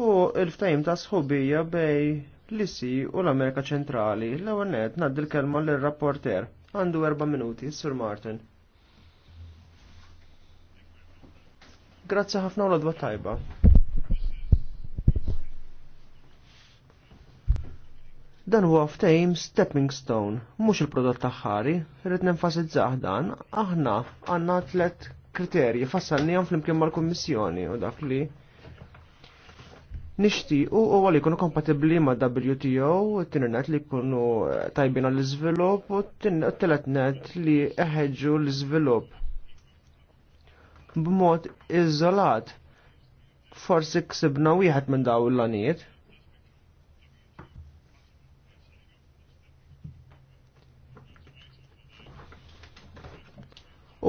fuq il-ftajim ta' sħubija bej l-Issi u l-Amerika ċentrali. L-ewwel naddil ngħaddi l rapporter Għandu erba' minuti, Sir Martin. Grazzi ħafna u l tajba. Dan huwa ftehim stepping stone, mhux il-prodott taħħari, rrid nenfasizzah dan, aħna għandna tlet kriterji fl flimkien mal-Kummissjoni u dak li nixtiequ u għal jkunu kompatibbli ma' WTO, t-tinnet li jkunu eh, tajbin għall iżvilupp u t-teletnet li eħeġġu l iżvilupp b'mod iżolat. Forsi ksibna wieħed minn daw l-lanijiet.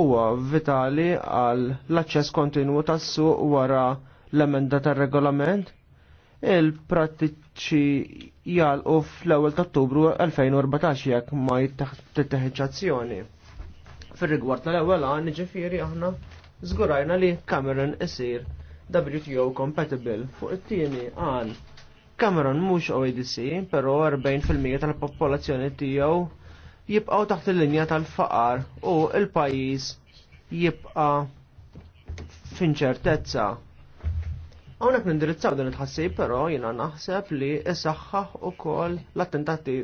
huwa vitali għal l-aċċess kontinwu tas-suq wara l-emenda tar-regolament? il-prattiċi u fl-ewwel ta' Ottubru 2014 jekk ma jittaħħeġ azzjoni. Fir-rigward tal-ewwel għan ġifiri aħna żgurajna li Cameron isir WTO compatible fuq it-tieni għan Cameron mhux OEDC, però 40% tal-popolazzjoni tiegħu jibqgħu taħt il-linja tal-faqar u l-pajjiż jibqa' f'inċertezza Hawnhekk nindirizzaw din it-ħassib però jiena naħseb li u kol l-attentati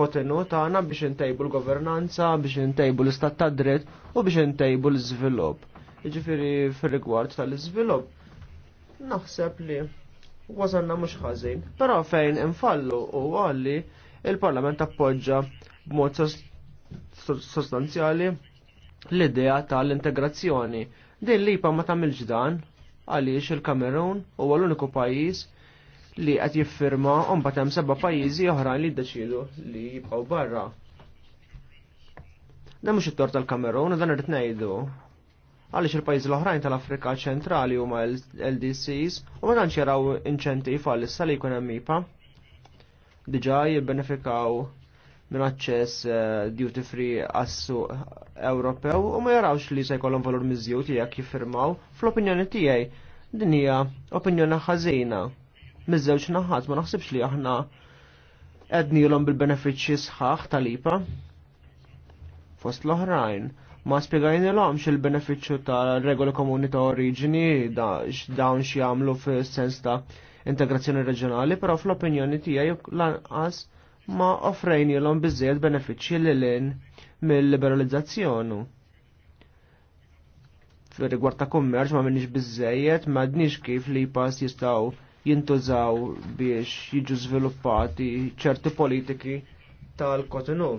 kotenu tagħna biex intejbu l-governanza, biex intejbu l-istat ta' dritt u biex intejbu l-iżvilupp. Jiġifieri fir-rigward tal-iżvilupp naħseb li wasanna mhux ħażin, però fejn infallu u għalli il-Parlament appoġġa b'mod sostanzjali l-idea tal-integrazzjoni. Din pa ma tagħmilx dan, għaliex il-Kamerun huwa l-uniku pajjiż li qed jiffirma un batem hemm seba' pajjiżi oħrajn li d-daċidu li jibqgħu barra. Dan mux it-tort tal-Kamerun u dan irid ngħidu. Għaliex il-pajjiżi l-oħrajn tal-Afrika ċentrali huma LDCs u ma danċi jaraw inċentiv għal issa li jkun hemm IPA. Diġà jibbenefikaw minn aċċess eh, duty free għassu Ewropew u ma jarawx li se jkollhom valur miżjut jekk jiffirmaw. Fl-opinjoni tiegħi din hija opinjoni ħażina. Miż-żewġ naħat ma naħsibx li aħna nilhom bil-benefiċċji sħaħ tal-IPA. Fost l-oħrajn, ma spiegajnilhom il-benefiċċju ta' regoli komuni ta' oriġini dawn xi jagħmlu fis-sens ta' integrazzjoni reġjonali, però fl-opinjoni tiegħi lanqas ma offrejnilhom biżejjed benefiċċji lilin mill-liberalizzazzjonu. Fir-rigward ta' kummerċ ma minniex ma m'għadniex kif li pass jistgħu jintużaw biex jiġu żviluppati ċerti politiki tal-Kotinu.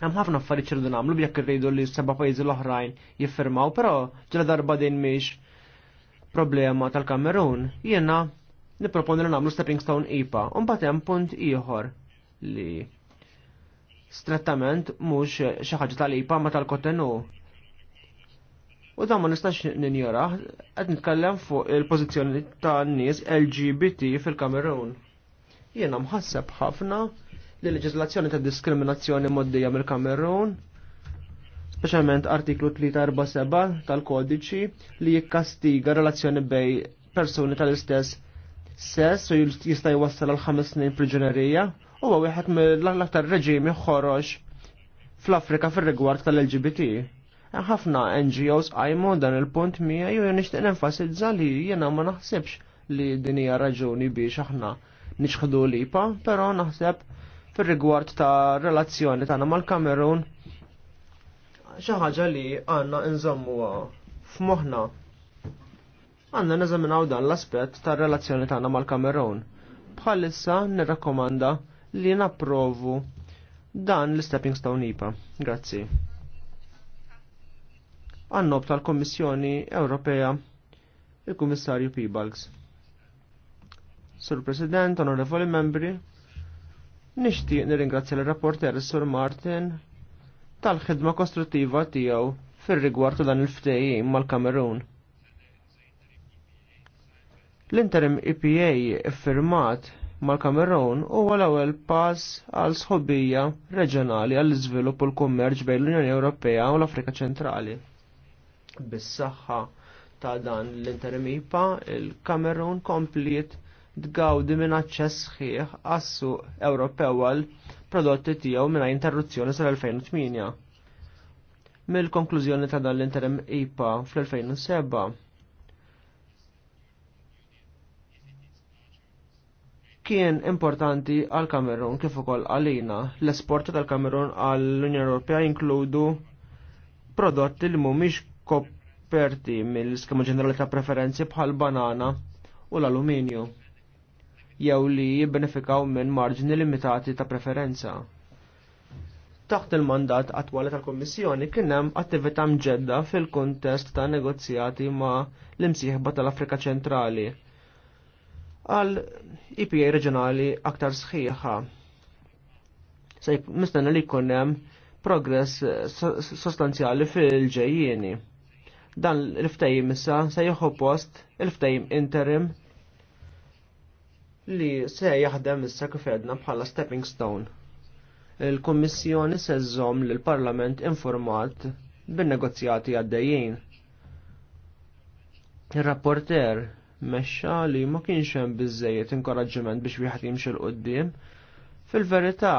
Hemm ħafna affarijiet ċerdu nagħmlu jekk irridu li seba' pajjiżi l-oħrajn jiffirmaw, però ġela darba din miex problema tal-Kamerun. Jiena nipproponi li nagħmlu stepping stone IPA, u mbagħad hemm punt ieħor li strettament mhux xi ħaġa tal-ipa ma tal kotenu U dan ma nistax ninjora, qed nitkellem fuq il-pożizzjoni tan-nies LGBT fil-Kamerun. Jiena mħasseb ħafna li leġislazzjoni ta' diskriminazzjoni moddija mill-Kamerun speċjalment artiklu 347 tal-kodiċi li jikkastiga relazzjoni bej persuni tal-istess sess u jista' jwassal għal ħames snin priġunerija huwa wieħed mill-aktar reġimi ħoroġ fl-Afrika fir-rigward tal-LGBT. Ħafna NGOs għajmu dan il-punt mija ju nixtieq nenfasizza li jiena ma naħsibx li din hija raġuni biex aħna niċħdu lipa, però naħseb fir-rigward ta' relazzjoni tagħna mal-Kamerun xi ħaġa li għandna nżommuha f'moħħna. Għandna neżaminaw dan l-aspett tar-relazzjoni tagħna mal-Kamerun. Bħalissa nirrakkomanda li napprovu dan l-stepping stone IPA. Grazzi. Annob tal-Kommissjoni Ewropea il-Kummissarju Peebalgs. Sur President, onorevoli membri, nixtieq nirringrazzja l-rapporter Sur Martin tal-ħidma kostruttiva tiegħu fir-rigward dan il-ftehim mal-Kamerun. L-interim EPA firmat mal-Kamerun huwa l-ewwel pass għal sħobija reġjonali għall iżvilupp u l-kummerċ bejn l-Unjoni Ewropea u l-Afrika Ċentrali. Bis-saħħa ta' dan l-interim IPA, il-Kamerun d tgawdi minn aċċess sħiħ għassu Ewropew għal prodotti tiegħu mingħajr interruzzjoni sal-2008. Mill-konklużjoni ta' dan l-interim IPA fl-2007 kien importanti għal Kamerun kif ukoll għalina. L-esport tal-Kamerun għall-Unjoni Ewropea jinkludu prodotti li mhumiex koperti mill-iskema ġenerali ta' preferenzi bħal banana u l-aluminju jew li jibbenefikaw minn marġini limitati ta' preferenza. Taħt il-mandat attwali tal-Kommissjoni kien hemm attività mġedda fil-kuntest ta' negozjati ma' l-imsieħba tal-Afrika Ċentrali għal IPA e reġjonali aktar sħiħa. Se mistenna li jkun hemm progress eh, sostanzjali fil-ġejjieni. Dan l-ftejim issa se jieħu post il-ftejim interim li se jaħdem issa kif edna bħala stepping stone. Il-Kummissjoni se żżomm lill parlament informat bin-negozjati għaddejjin. Ir-rapporter mexxa li ma kienx hemm biżejjed inkoraġġiment biex wieħed jimxi l-qudiem. Fil-verità,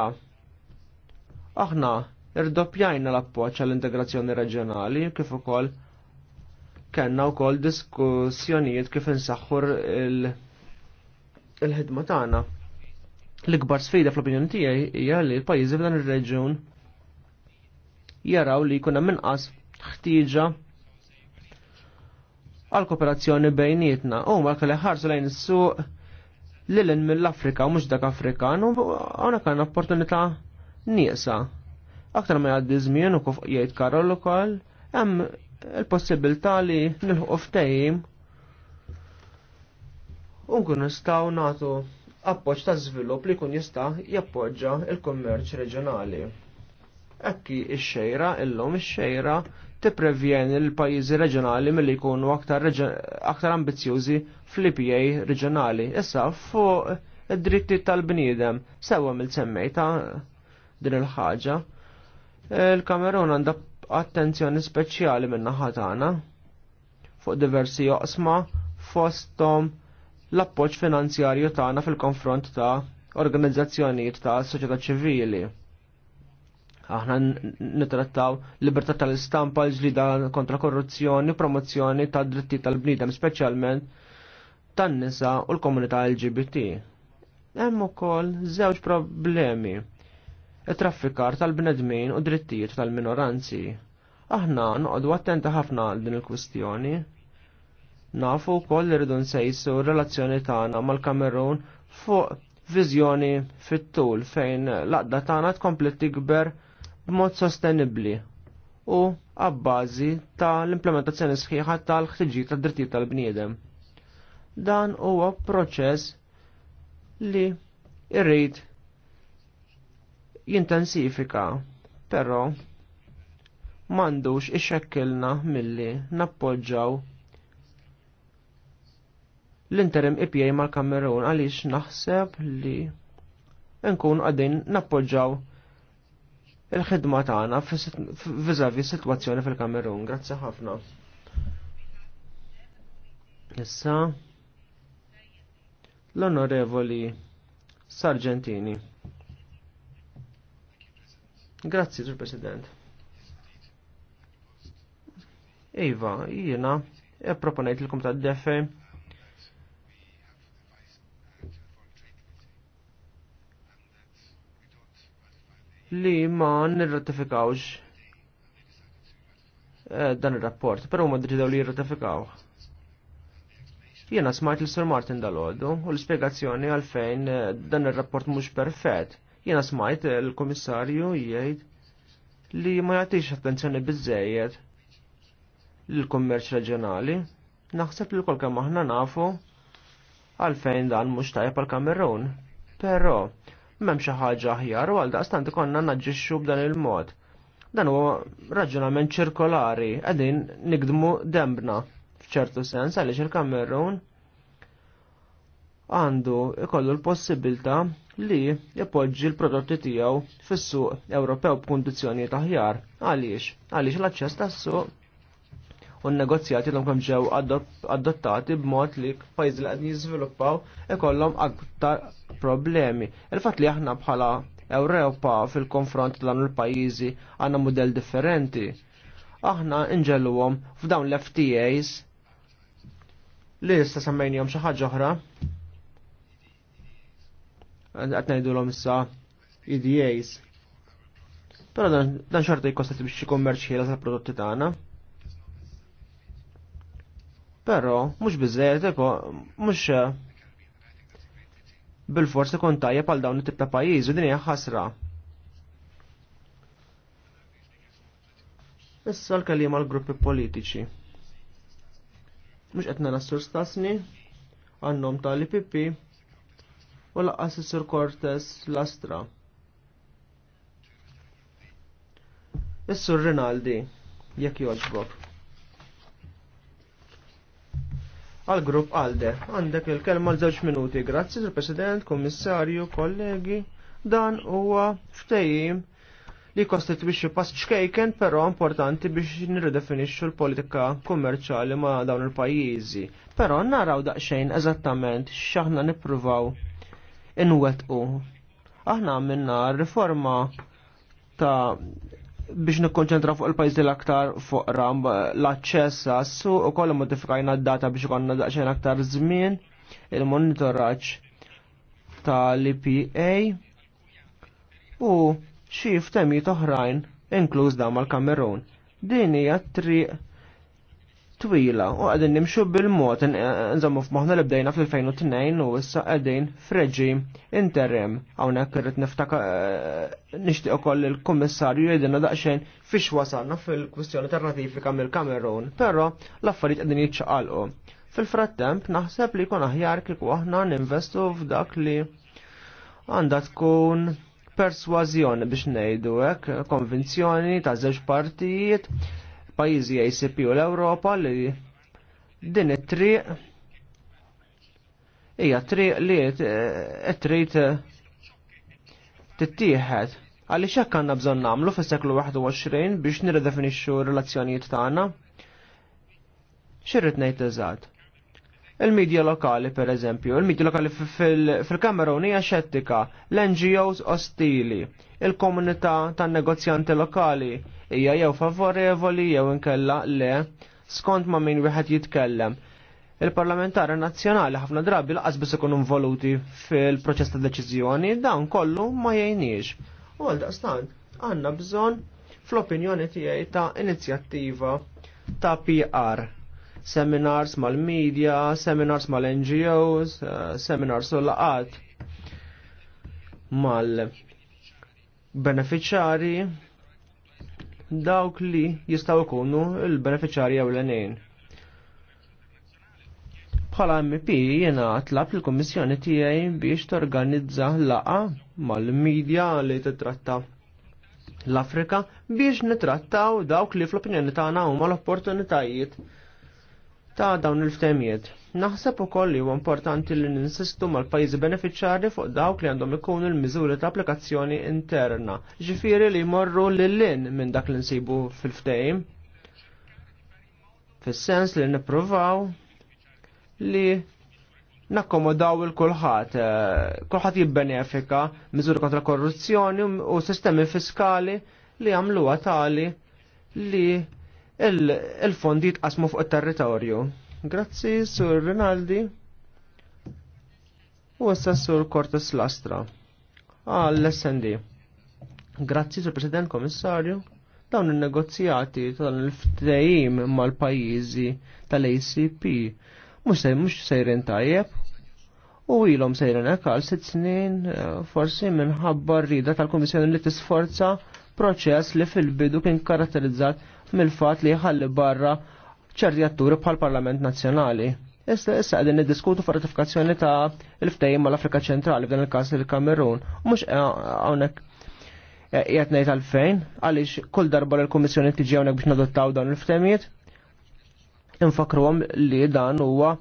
aħna irdoppjajna l-appoġġ għall-integrazzjoni reġjonali kif ukoll kellna wkoll diskussjonijiet kif insaħħu il-ħidma tagħna. L-ikbar sfida fl-opinjoni tiegħi hija li l-pajjiżi f'dan ir-reġjun jaraw li jkun hemm inqas ħtieġa għal kooperazzjoni bejnietna. U ma kelli ħarsu lejn is-suq lil mill-Afrika u mhux dak Afrikan u għana kan opportunità nieqsa. Aktar ma jgħaddi żmien u kif jgħid Karol ukoll, hemm il-possibilità li nilħuq ftehim nkun nistgħu nagħtu appoġġ ta' żvilupp li kun jista' jappoġġa il-kummerċ reġjonali. Ekki ix-xejra illum ix-xejra tipprevjen il-pajjiżi reġjonali milli jkunu aktar, aktar ambizjużi fl-IPA reġjonali. Issa fuq id-dritti tal-bniedem sewwa mill-semmejta din il-ħaġa. Il-Kamerun għandha attenzjoni speċjali min-naħa tagħna fuq diversi joqsma fosthom l-appoġġ finanzjarju tagħna fil-konfront ta' organizzazzjonijiet ta' soċjetà ċivili Aħna nitrattaw libertà tal-istampa, l-ġlida kontra korruzzjoni, promozzjoni ta' dritti tal-bnidem, speċjalment tan-nisa u l-komunità LGBT. Hemm ukoll żewġ problemi. It-traffikar tal-bnedmin u drittijiet tal-minoranzi. Aħna noqogħdu attenti ħafna għal din il-kwistjoni. Nafu wkoll irridu nsejsu r-relazzjoni tagħna mal-Kamerun fuq viżjoni fit-tul fejn l għaqda tagħna tkompli tikber b'mod sostenibbli u għabbażi ta' l-implementazzjoni sħiħa tal-ħtiġijiet tad drittijiet tal-bniedem. Dan huwa proċess li irrid jintensifika, però m'għandux ixekkilna milli nappoġġaw l-interim IPA e mal-Kamerun għaliex naħseb li nkun għadin nappoġġaw il-ħidma tagħna viżavi situazzjoni fil-Kamerun. Grazzi ħafna. Issa l-Onorevoli Sargentini. Grazzi, Sur President. Iva, jiena, e proponejt l-Komitat Defe li ma nirratifikawx eh, dan il-rapport, pero ma dġidaw li jirratifikaw. Jena smajt l-Sir Martin dal-ħodu u l-spiegazzjoni għalfejn eh, dan il-rapport mux perfett. Jena smajt eh, l-komissarju jgħid li ma jgħatix attenzjoni bizzejed l-kommerċ reġjonali. Naħseb li l-kolka aħna nafu għalfejn dan mhux tajjeb għal Kamerun. Però memx xi ħaġa aħjar u għaldaqstant ikonna naġġixxu b'dan il-mod. Dan huwa raġunament ċirkolari qegħdin nikdmu dembna f'ċertu sens għaliex il-Kamerun għandu ikollu l-possibilità li jpoġġi l-prodotti tiegħu fis-suq Ewropew b'kundizzjonijiet aħjar. Għaliex? Għaliex l-aċċess tas-suq u n-negozjati l ġew adottati b'mod li pajjiżi li qed e ikollhom aktar problemi. Il-fatt li aħna bħala Ewropa fil-konfront dan il-pajjiżi għanna mudell differenti. Aħna għom f'dawn l-FTAs li issa semmejnihom xi ħaġa oħra. Qed ngħidulhom issa EDAs. Però dan xorta jkosta biex xi kummerċ ħieles prodotti tagħna. Però mhux biżejjed mhux eh, bil-forsi kon tajjeb għal dawn it-tip u din hija ħasra. Issa l-kalima l-gruppi politiċi. Mux qed nassur stasni, għannom tal pipi, u laqqas is-Sur Cortes l-Astra. Is-Sur Rinaldi, jekk jogħġbok. għal grupp għalde. Għandek il-kelma l żewġ minuti. Grazzi, Sir President, Kommissarju, kollegi. Dan huwa ftejim li kostitwixxi pass ċkejken però importanti biex nirridefinixxu l-politika kummerċjali ma' dawn il-pajjiżi. Però naraw daqsxejn eżattament x'aħna nippruvaw inwettqu. Aħna għamilna riforma ta' biex nikkonċentra fuq il-pajjiż l aktar fuq ram l-aċċess għassu u kollha modifikajna d-data biex ikonna daqsxejn aktar żmien il-monitoraġġ tal-IPA u xi temi oħrajn inkluż dan mal-Kamerun. Din hija triq twila u għadin nimxu bil-mod nżammu f'moħna li bdejna fl-2002 u issa għadin freġi interim għawna kirrit niftaka eh, nishtiq ukoll il-kommissarju jgħidilna daqsxejn fiex wasalna fil-kwistjoni tar ratifika mill-Kamerun, però l-affarijiet qegħdin jiċċaqalqu. Fil-frattemp naħseb li jkun aħjar kieku aħna ninvestu f'dak li għandha tkun persważjoni biex ngħidu hekk, konvinzjoni ta' żewġ partijiet pajizi pajjiżi ACP u l-Ewropa li din it-triq hija triq li eh, trid tittieħed. Għaliex hekk għandna bżonn nagħmlu fis-seklu 21 biex nirredefinixxu r-relazzjonijiet tagħna. Xirrid ngħid eżatt. Il-medja lokali, per eżempju, il-medja lokali fil-Kamerun hija xettika, l-NGOs ostili, il-komunità tan negozjanti lokali, hija jew favorevoli jew inkella le skont ma' min wieħed jitkellem. Il-parlamentari nazzjonali ħafna drabi laqas biss ikunu involuti fil-proċess ta' deċiżjoni, dawn kollu ma jgħinix. U għal daqstant għandna bżonn fl-opinjoni tiegħi ta' inizjattiva ta' PR seminars mal-media, seminars mal-NGOs, eh, seminars u laqat mal beneficiari dawk li jistaw ikunu il l-enejn. Bħala MP jena tlab il komissjoni tiegħi biex torganizza laqa mal-medja li titratta l-Afrika biex nitrattaw dawk li fl-opinjoni tagħna huma l-opportunitajiet ta' dawn il-ftemijiet. Naħseb ukoll li huwa importanti li ninsistu mal-pajjiżi beneficjarji fuq dawk li għandhom ikunu l-miżuri ta' applikazzjoni interna, Ġifiri li jmorru l lin minn dak li nsibu fil ftejim Fis-sens li nippruvaw li nakkomodaw il-kulħat, kulħat eh, jibbenefika miżuri kontra korruzzjoni u sistemi fiskali li għamluwa tali li il-fondi jitqasmu fuq it-territorju. Grazzi, Sur Rinaldi u Sur Cortes Lastra. Għall-SND. Grazzi, Sur President Komissarju dawn il-negozjati tal-ftejim mal-pajizi tal-ACP mux mux sejrin tajjeb u ilhom sejrin għal sitt snin eh, forsi minħabba rrida tal-Komissjoni li tisforza proċess li fil-bidu kien karatterizzat mill-fat li jħalli barra ċerti atturi bħal Parlament Nazzjonali. Issa issa għedin niddiskutu fuq ratifikazzjoni ta' il-ftejim mal-Afrika Ċentrali f'dan il-każ il-Kamerun. Mhux eh, hawnhekk qiegħed eh, ngħid għalfejn għaliex kull darba l-Kummissjoni tiġi hawnhekk biex nadottaw dawn il-ftejmiet. Infakruhom li dan huwa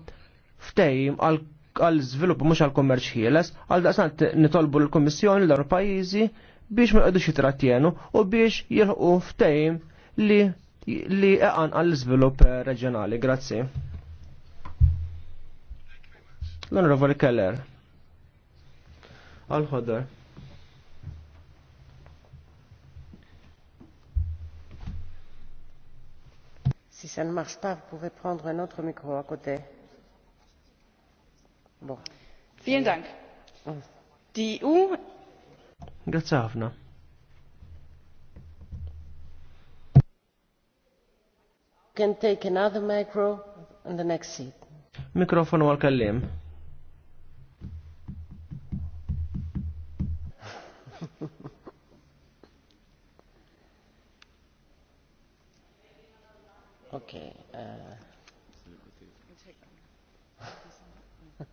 ftejim għal għal żvilupp mhux għal kummerċ ħieles, għal daqsan nitolbu l-Kummissjoni l dar pajizi biex ma jqogħdux jitratjenu u biex jilħqu ftejim li li eqan għall svilup reġjonali. Grazzi. L-Onorevoli Keller. al ħodar Si ça ne marche pas, vous pouvez prendre un autre micro à côté. Bon. Vielen Dank. Oh. Die EU. Grazie, Afna. can take another micro in the next seat. Mikrofonu għal-kallim. okay. Uh...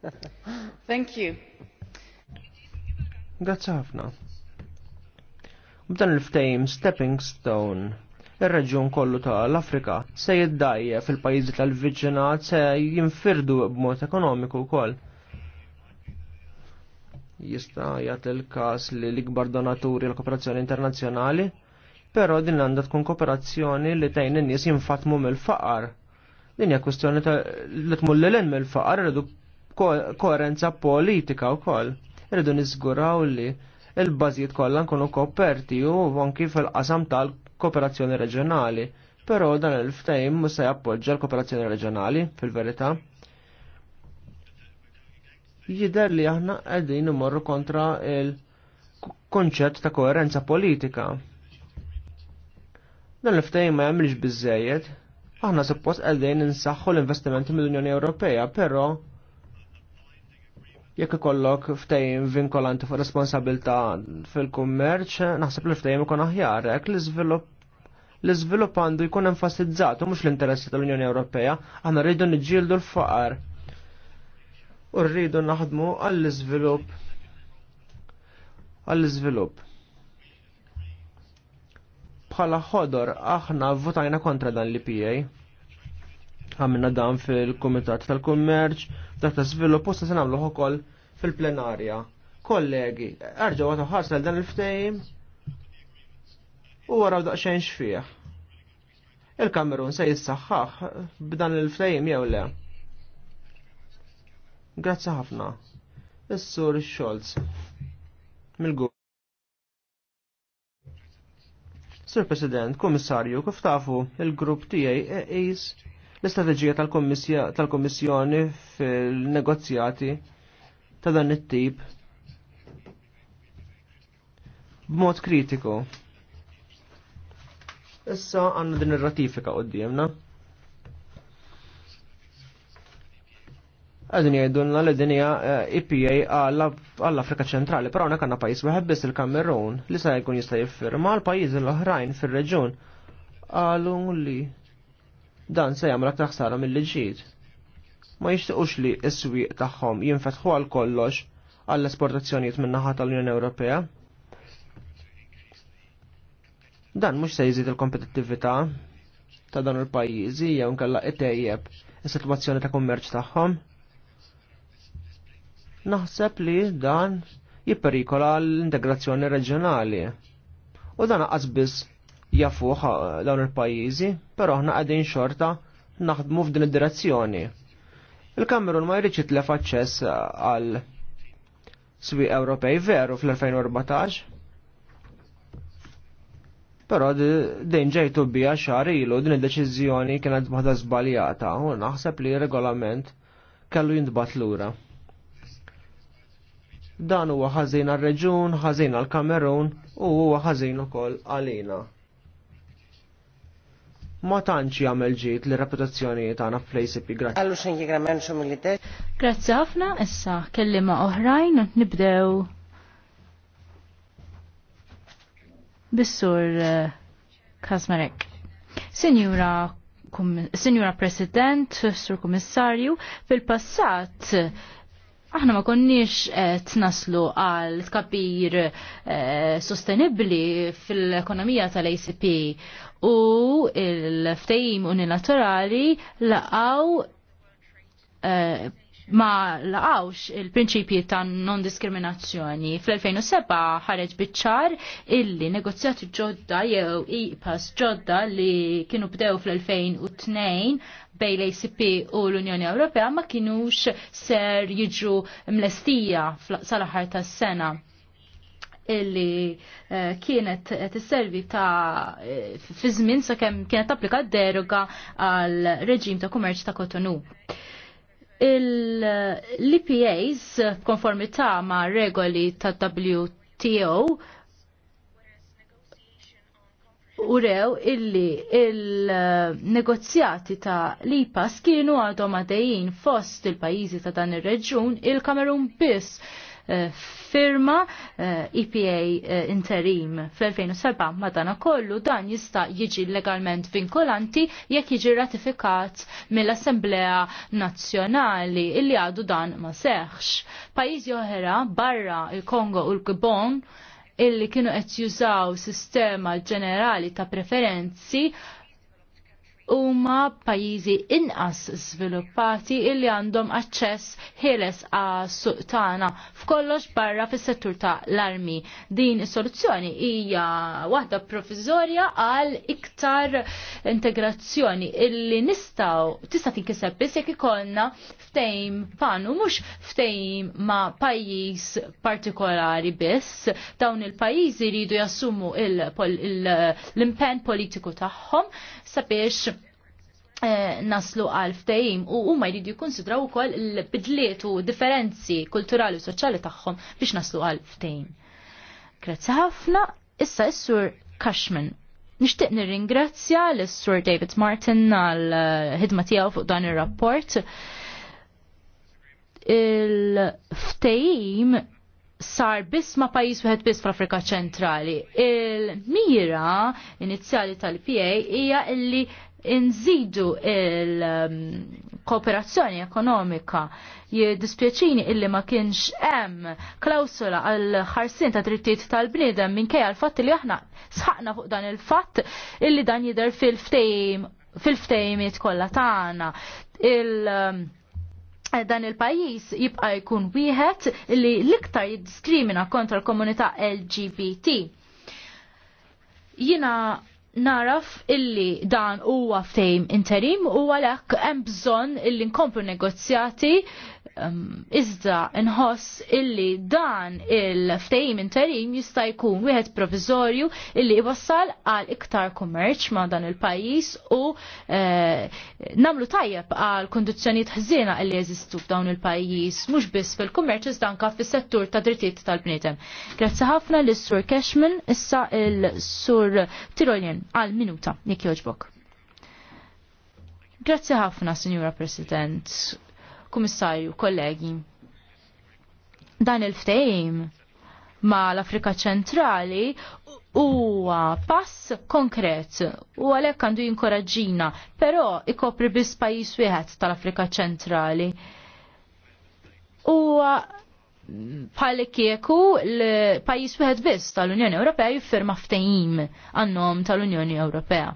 Thank you. Grazie ħafna. B'dan il-ftejm Stepping Stone ir-reġjun kollu tal-Afrika se jiddajje fil-pajjiżi tal-viġinat se jinfirdu b'mod ekonomiku wkoll. Jista' jagħti l-każ li l-ikbar donaturi l-kooperazzjoni internazzjonali, però din għandha tkun kooperazzjoni li tgħin in-nies jinfatmu mill-faqar. Din hija kwestjoni li tmur lil mill-faqar irridu koerenza politika wkoll. Irridu niżguraw li il-bażijiet kollha nkunu koperti u anki fil-qasam tal- kooperazzjoni reġjonali, però dan il-ftehim mhux se jappoġġa l-kooperazzjoni reġjonali fil-verità. Jider li aħna qegħdin imorru kontra il-konċett ta' koerenza politika. Dan il-ftehim ma jagħmilx biżejjed, aħna suppost qegħdin insaħħu l-investimenti mill-Unjoni Ewropea, però jekk ikollok ftejim vinkolanti fuq responsabilità fil-kummerċ, naħseb li ftejim ikun aħjar, hekk l-iżvilupp l għandu jkun enfasizzat u mhux l-interessi tal-Unjoni Ewropea, aħna rridu niġġieldu l-faqar. U rridu naħdmu għall-iżvilupp għall-iżvilupp. Bħala ħodor aħna votajna kontra dan l-IPA. Għamilna dan fil-Kumitat tal-Kummerċ, dak ta' sviluppu se nagħmluh ukoll fil-plenarja. Kollegi, erġgħu għadu ħarsel dan il ftejm u waraw daqsxejn xfih. Il-Kamerun se jissaħħaħ b'dan il ftejm jew le. Grazzi ħafna. Is-Sur Scholz. Mill-Gur. Sir President, Komissarju, kif tafu il-grupp tiegħi qis l-istrateġija tal komissjoni fil-negozjati ta' dan it-tip b'mod kritiku. Issa għanna din ir-ratifika qudiemna. Għadin jgħidunna li dinja eh, IPA għall-Afrika ċentrali, pero għandna kanna pajis biss il-Kamerun li sa' jkun jista' jiffirma għal pajizi l-oħrajn fil-reġun għalun li dan se jagħmel aktar mill-liġijiet. Ma jixtiqux li s-swieq tagħhom jinfetħu għal kollox għall esportazzjonijiet min naħa tal-Unjoni Ewropea. Dan mhux se jizid il-kompetittività ta' dan il-pajjiżi jew nkella it-tejjeb is-sitwazzjoni ta' kummerċ tagħhom. Naħseb li dan jipperikola l-integrazzjoni reġjonali. U dan aqas biss jafuħ eh, dawn il-pajjiżi, però aħna qegħdin xorta naħdmu f'din id-direzzjoni. Il-Kamerun ma jridx jitlef aċċess eh, għal swi Ewropej veru fl-2014. Però din ġejtu bija xar ilu din id-deċiżjoni kienet waħda żbaljata u naħseb li regolament kellu jintbat lura. Dan huwa ħażin għar-reġun, ħażin għall kamerun u huwa ħażin ukoll għalina ma tantx jagħmel ġid li reputazzjoni tagħna fl-ACP grazzi. Allu xejn jigramen Grazzi ħafna, issa kellima oħrajn nibdew Bissur eh, Kazmarek. Kasmarek. Sinjura President, Sur Kummissarju, fil-passat aħna ma konniex eh, t naslu għal tkabbir e, eh, sostenibbli fil-ekonomija tal-ACP u l-ftehim unilaterali laqgħu eh, ma laqawx il-prinċipji ta' non-diskriminazzjoni. Fl-2007 ħareġ biċċar illi negozjati ġodda jew IPAS ġodda li kienu bdew fl-2002 bej l-ACP u l-Unjoni Ewropea ma kienux ser jiġu mlestija sal-aħħar tas-sena illi eh, kienet t-servi ta' eh, fi żmien sakemm kienet applika deroga għal reġim ta' kummerċ ta' Kotonu l epas konformità ma' regoli ta' WTO urew illi il-negozjati ta' l-IPAS kienu għadhom għadejjin fost il-pajizi ta' dan ir-reġjun il-Kamerun biss firma EPA eh, e eh, interim fl-2007 madana kollu dan jista' jiġi legalment vinkolanti jekk jiġi ratifikat mill-Assemblea Nazzjonali illi għadu dan ma seħx. Pajjiżi oħra barra il-Kongo u l-Gabon illi kienu qed jużaw sistema ġenerali ta' preferenzi huma pajjiżi inqas sviluppati illi għandhom aċċess ħieles għas suqtana tagħna f'kollox barra fis-settur ta' l-armi. Din is-soluzzjoni hija waħda provvizorja għal iktar integrazzjoni illi nistgħu tista' tinkiseb biss jekk ikollna ftejm panu mhux ftejm ma' pajjiż partikolari biss. Dawn il-pajjiżi jridu jassumu l-impenn politiku tagħhom sabiex Eh, naslu għal ftehim u huma jridu jikkonsidraw ukoll il bidliet u differenzi kulturali u soċjali tagħhom biex naslu għal ftehim. Grazzi ħafna, issa s-sur Cashman. Nixtieq nirringrazzja lis sur David Martin għal eh, ħidma tiegħu fuq dan ir-rapport. Il-ftehim sar biss ma pajis wieħed biss fl-Afrika ċentrali. Il-mira inizjali tal-PA hija illi inżidu il-kooperazzjoni um, ekonomika jiddispjaċini illi ma kienx hemm klawsula għal ħarsin ta' drittijiet tal-bniedem minkej għal fatt li aħna sħaqna fuq dan il-fatt illi dan jidher fil-ftejm fil-ftejmiet kollha tagħna. Il- um, dan il-pajis jibqa jkun wieħed li l-iktar jiddiskrimina kontra l-komunità LGBT. Jina naraf illi dan huwa fejm interim u għalhekk hemm bżonn illi nkomplu negozjati Um, iżda nħoss illi dan il-ftejim interim jista' jkun wieħed provizorju illi iwassal għal iktar kummerċ ma' dan il-pajjiż u eh, namlu tajjeb għal kondizzjonijiet ħżiena illi jeżistu f'dawn il-pajjiż mhux biss fil-kummerċ iżda anke fis-settur ta' drittijiet tal-bniedem. Grazzi ħafna lis sur Cashman issa il-Sur Tirolien għal minuta jekk jogħġbok. Grazzi ħafna, Signora President Kummissarju, kollegi. Dan il-ftehim ma l-Afrika ċentrali huwa pass konkret u għalhekk għandu jinkoraġġina, però ikopri biss pajjiż wieħed tal-Afrika ċentrali. Huwa bħal kieku l-pajjiż wieħed biss tal-Unjoni Ewropea jiffirma ftehim għannom tal-Unjoni Ewropea.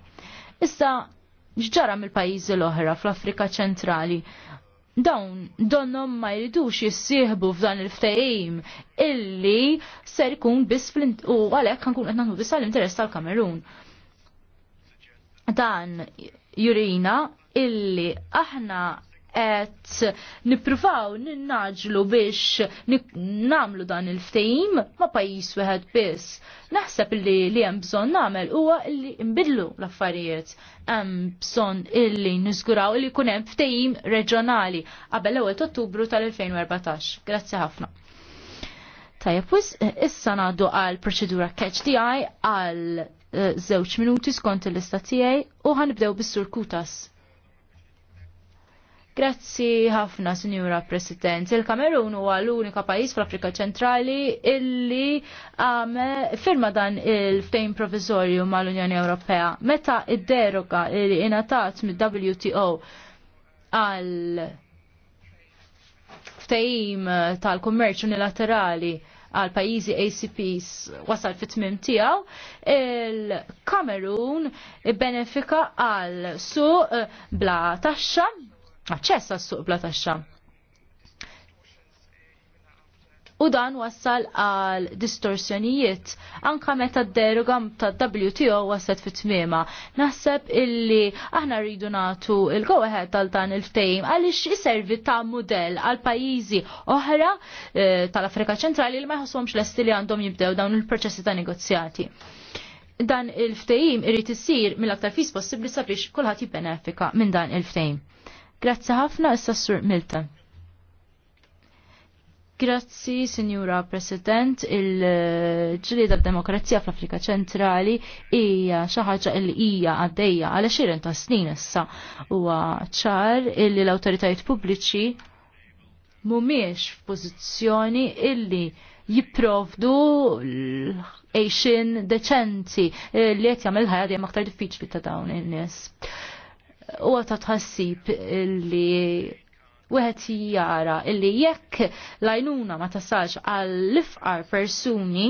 Issa ġara mill-pajjiżi l-oħra fl-Afrika ċentrali dawn donnom ma jridux jissieħbu f'dan il-ftehim illi ser ikun biss u għalhekk kan qed nagħmlu biss għall-interess tal-Kamerun. Dan jurina illi aħna et nippruvaw ninnaġlu biex namlu dan il-ftehim ma pajjiż wieħed biss. Naħseb li li hemm bżonn nagħmel huwa li nbidlu l-affarijiet. Hemm bżonn illi niżguraw li jkun hemm ftehim reġjonali qabel l-ewwel Ottubru tal-2014. Grazzi ħafna. Tajab, issa ngħaddu għal proċedura catch di għal eh, żewġ minuti skont il-lista tiegħi u ħanibdew bis-sur Kutas. Grazzi ħafna, Sinjura President. Il-Kamerun huwa l-unika pajjiż fl-Afrika ċentrali illi għame firma dan il-ftejn provizorju mal-Unjoni Ewropea. Meta id-deroga li inatat mid-WTO għal ftejim tal-kummerċ unilaterali għal pajizi ACPs wasal fit tmim tijaw, il-Kamerun benefika għal su eh, bla taxxa aċċess għas-suq bla taxxa. U dan wassal għal distorsjonijiet anka meta d-deroga ta' WTO waset fit tmiema Naħseb illi aħna rridu natu il-go-ahead tal dan il-ftejm għaliex iservi ta' model għal pajjiżi oħra eh, tal-Afrika ċentrali li ma jħossomx lesti li għandhom jibdew dawn il-proċessi ta' negozjati dan il-ftehim irrid isir mill-aktar fis possibbli sabiex kulħadd jibbenefika minn dan il ftejm Grazzi ħafna issa Sur Milton. Grazzi, Sinjura President, il-ġlida demokrazija fl-Afrika ċentrali hija xi ħaġa li hija għaddejja għal xirin ta' snin issa huwa ċar illi l-awtoritajiet pubbliċi mhumiex f'pożizzjoni illi jipprovdu l-għejxin deċenti eh, li qed jagħmel ħajja aktar diffiċli ta' dawn in-nies u ta' tħassib li wieħed jara illi jekk lajnuna ma tasalx għall-ifqar persuni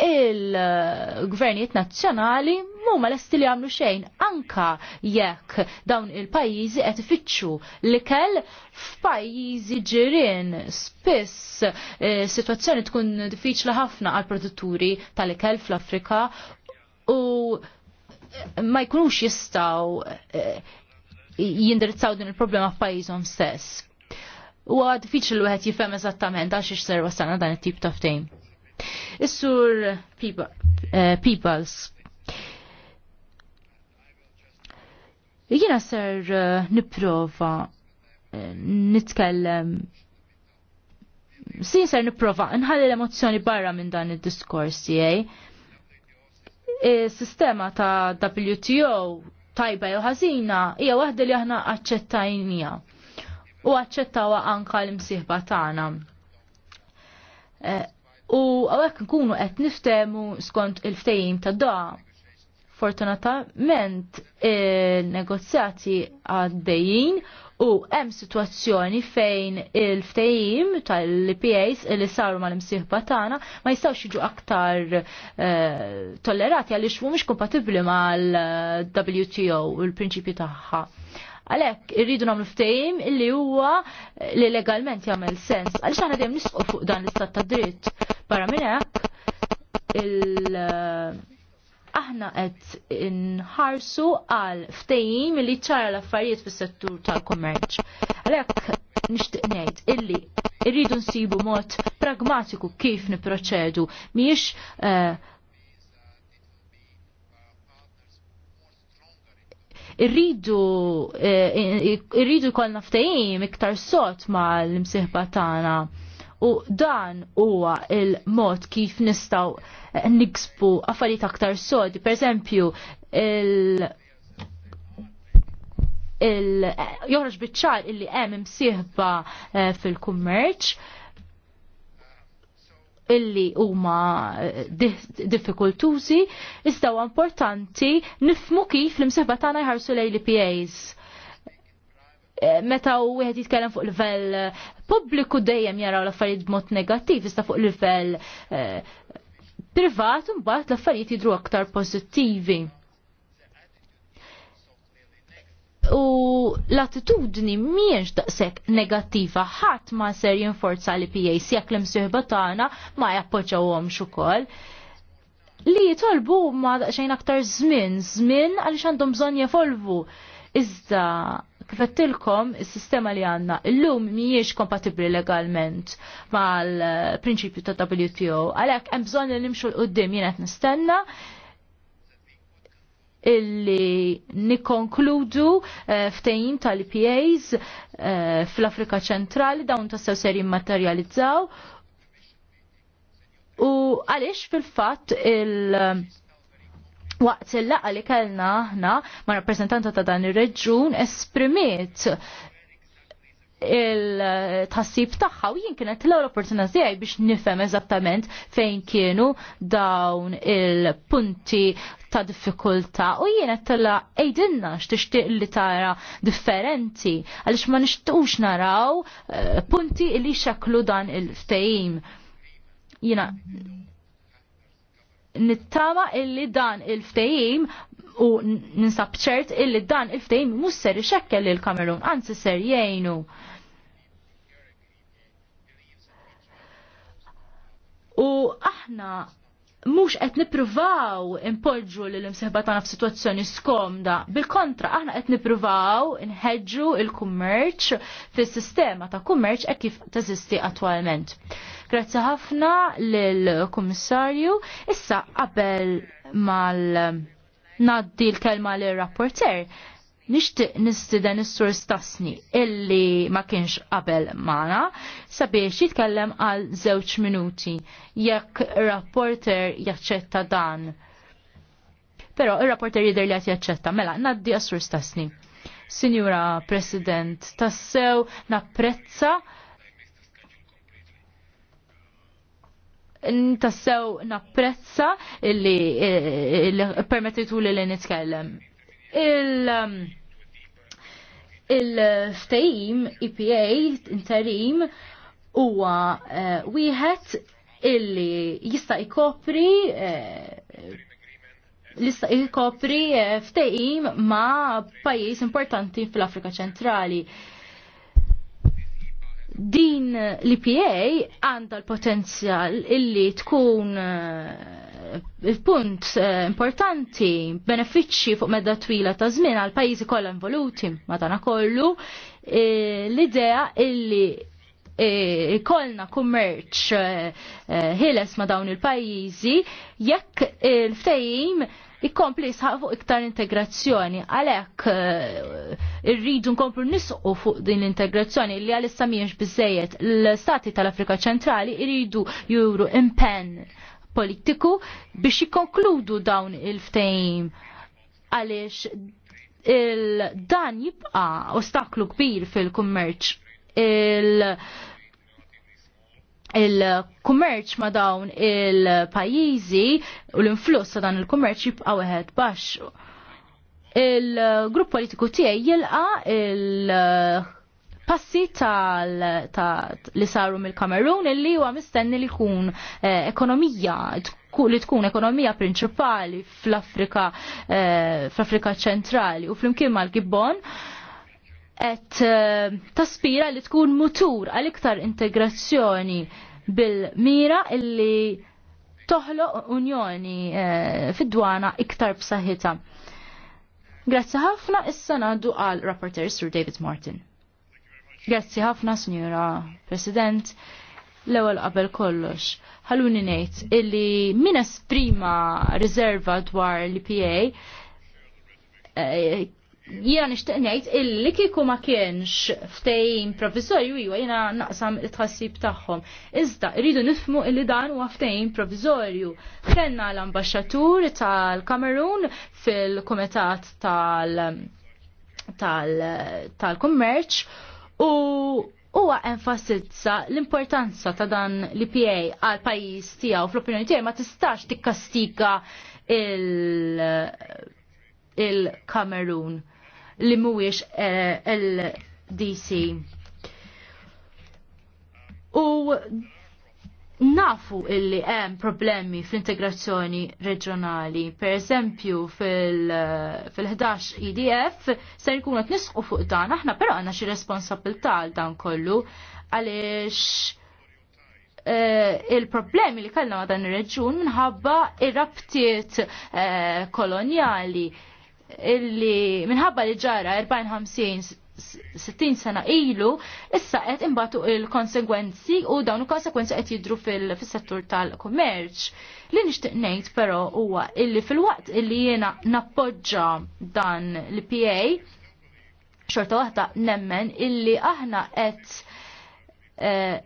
il-gvernijiet nazzjonali mumma lesti li għamlu xejn anka jekk dawn il-pajjiżi qed ifittxu l-ikel f'pajjiżi ġirien spiss eh, situazzjoni tkun diffiċli ħafna għal produtturi tal-ikel fl-Afrika u ma jkunux jistaw eh, jindirizzaw din il-problema f'pajjiżhom stess. U għad fiċ l wieħed jifhem eżattament għax ix-serva sana dan it-tip ta' ftejn. Is-sur eh, Peoples. Jiena ser eh, nipprova nitkellem Sin ser nipprova nħalli l emozjoni barra minn dan id-diskors tiegħi sistema ta' WTO tajba jew ħażina hija waħda li aħna aċċettajnija u aċċettawha anka l-imsieħba tagħna. Eh, u għawek nkunu qed niftemu skont il ftehim ta' da. Fortunatament il-negozjati għaddejjin U hemm situazzjoni fejn il-ftehim tal-PAs li saru mal-imsieħba tagħna ma jistgħux jiġu aktar eh, tollerati għaliex mhumiex kompatibbli mal-WTO u l-prinċipji tagħha. Għalhekk irridu nagħmlu ftehim illi huwa li legalment jagħmel sens għaliex aħna dejjem nisqu fuq dan l-istat ta' dritt. Barra minn hekk il- aħna qed inħarsu għal ftejim li ċara l-affarijiet fis-settur tal-kummerċ. Għalhekk nixtieq ngħid illi rridu nsibu mod pragmatiku kif niproċedu miex eh, irridu eh, irridu kol naftajim iktar sot ma l-imsiħba tagħna u dan huwa il-mod kif nistaw eh, niksbu affarijiet aktar sodi, per eżempju il- il joħroġ biċċar illi hemm imsieħba eh, fil-kummerċ illi huma eh, diffikultużi istaw importanti nifmu kif l-imsieħba tagħna jħarsu l-APAs Eh, meta u wieħed jitkellem fuq livell eh, pubbliku dejjem jaraw l-affarijiet b'mod negattiv, issa fuq livell eh, privat mbagħad l-affarijiet jidru aktar pożittivi. U l-attitudni miex daqshekk negattiva ħadd ma ser jinforza li PAC jekk l-imsieħba tagħna ma jappoġġawhomx ukoll li jitolbu ma daqsxejn aktar żmien, żmien għaliex għandhom bżonn jevolvu. Iżda Kifettilkom, il-sistema li għanna illum miex kompatibli legalment mal-prinċipju ta' WTO. Għalek, hemm bżonn li nimxu l-qoddim jenet nistenna illi nikonkludu eh, tal-IPAs eh, fl-Afrika ċentrali dawn ta' sew ser jimmaterializzaw u għalix fil-fat il- Waqt il-laqa li kellna aħna ma' rappreżentanta ta' dan ir-reġun esprimiet il-tassib tagħha u jien kienet l-ewwel opportunità tiegħi biex nifhem eżattament fejn kienu dawn il-punti ta' diffikultà u jien qed tella ejdinna x'tixtieq li tara differenti għaliex ma nixtiqux naraw eh, punti li xaklu dan il-ftehim. Jiena nittama illi dan il-ftejim u ninsab ċert illi dan il-ftejim mhux ser ixekkel lil kamerun anzi ser jgħinu. U aħna mux qed nipruvaw impoġġu lil imsieħba tagħna f'sitwazzjoni skomda. Bil-kontra, aħna qed nipruvaw inħeġġu il-kummerċ fis-sistema ta' kummerċ hekk kif teżisti attwalment. Grazzi ħafna lill-Kummissarju. Issa qabel mal naddi l-kelma lir rapporter nixtieq nistiden is-sur stasni illi ma kienx qabel magħna sabiex jitkellem għal żewġ minuti jekk rapporter jaċċetta dan. Però ir-rapporter jidher li qed jaċċetta mela ngħaddi għas-sur stasni. Sinjura President, tassew napprezza tassew napprezza illi eh, eh, permettitu li li nitkellem. Il- um, il stejim EPA interim huwa eh, wieħed illi jista' jkopri lista eh, jkopri eh, ftejim ma' pajjiż importanti fl-Afrika ċentrali. Din l-IPA għandha l-potenzjal illi tkun uh, il punt eh, importanti, benefiċċji fuq medda twila ta' żmien għal pajjiżi kollha involuti madana kollu eh, l-idea illi eh, kolna kummerċ ħiles ma' dawn il-pajjiżi jekk il-ftehim ikkompli jisħaq fuq iktar integrazzjoni. Għalek irridu nkomplu nisqu fuq din l-integrazzjoni li għalissa miex bizzejiet l-stati tal-Afrika ċentrali irridu juru impen politiku biex jikonkludu dawn il-ftejim għaliex il-dan jibqa ostaklu kbir fil-kummerċ il- il-kummerċ ma dawn il-pajizi u l-influss ta' dan il-kummerċ jibqa' weħed baxx. Il-grupp politiku tiegħi jilqa' il-, -il passi tal ta li saru mill-Kamerun illi huwa mistenni li jkun eh, ekonomija li tkun ekonomija prinċipali fl-Afrika eh, fl-Afrika ċentrali u flimkien mal-Gibbon et eh, taspira li tkun mutur għal iktar integrazzjoni bil-mira illi toħloq unjoni fid-dwana iktar b'saħħitha. Grazzi ħafna issa ngħaddu għal rapporter Sir David Martin. Grazzi ħafna, Sinjura President. L-ewwel qabel kollox, ħalluni ngħid illi min esprima riserva dwar l-IPA eh, jiena nixtieq ngħid illi kieku ma kienx ftehim provizorju iwa jiena naqsam it-tħassib tagħhom. Iżda rridu nifmu illi dan huwa ftehim provizorju. Kenna l-ambaxxatur tal-Kamerun fil-Kumitat tal-Kummerċ tal tal U huwa enfasizza l-importanza ta' dan l-IPA għal pajjiż tiegħu fl-opinjoni tiegħi ma tistax tikkastika il-Kamerun il li mhuwiex eh, l-DC. U nafu illi hemm problemi fl-integrazzjoni reġjonali. Per eżempju fil-11 IDF e ser jkun qed nisqu fuq dan, aħna però għandna xi responsabilità għal dan kollu għaliex e, il-problemi li kellna ma' dan ir-reġjun minħabba ir-rabtiet e, koloniali kolonjali illi minħabba li ġara 40 60 sena ilu, issa qed imbatu il-konsegwenzi u dawn il-konsegwenzi qed jidru fil-settur tal-kummerċ. Li nixtieq ngħid però huwa illi fil-waqt illi jiena nappoġġa dan l-PA xorta waħda nemmen illi aħna qed eh,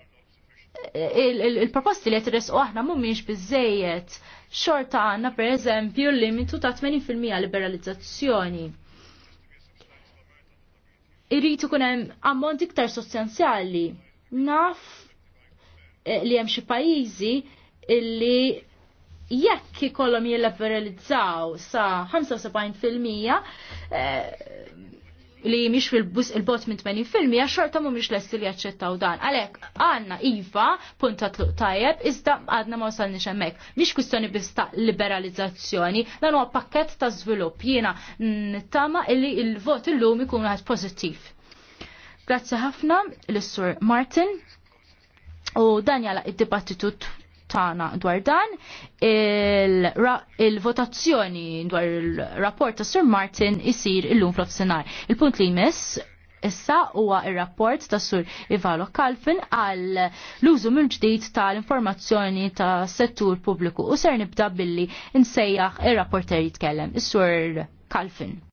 il-proposti li qed irresqu aħna mhumiex biżejjed xorta għandna pereżempju l-limitu ta' 80% liberalizzazzjoni irrit ikun hemm ammont iktar sostanzjali. Naf eh, li hemm xi pajjiżi illi jekk ikollhom jilliberalizzaw sa 75% eh, li miex fil-bus il-bot minn 80% għaxorta mu miex lessi li jaċċettaw dan. Għalek, għanna Iva, punta tluq tajjeb, iżda għadna ma wasalni xemmek. Miex kwistjoni biss ta' liberalizzazzjoni, dan huwa pakket ta' żvilupp. Jiena nittama illi il-vot illum ikun għad pozittiv. Grazzi ħafna l-Sur Martin u dan jala id-dibattitu Tana dwar dan, il-votazzjoni il dwar il-rapport ta' Sir Martin isir illum fl-ofsenar. Il-punt li jmiss issa huwa il rapport ta' Sur Ivalo Kalfin għal l-użu mill-ġdid tal-informazzjoni ta' settur pubbliku u ser nibda billi nsejjaħ ir-rapporter jitkellem, is-Sur Kalfin.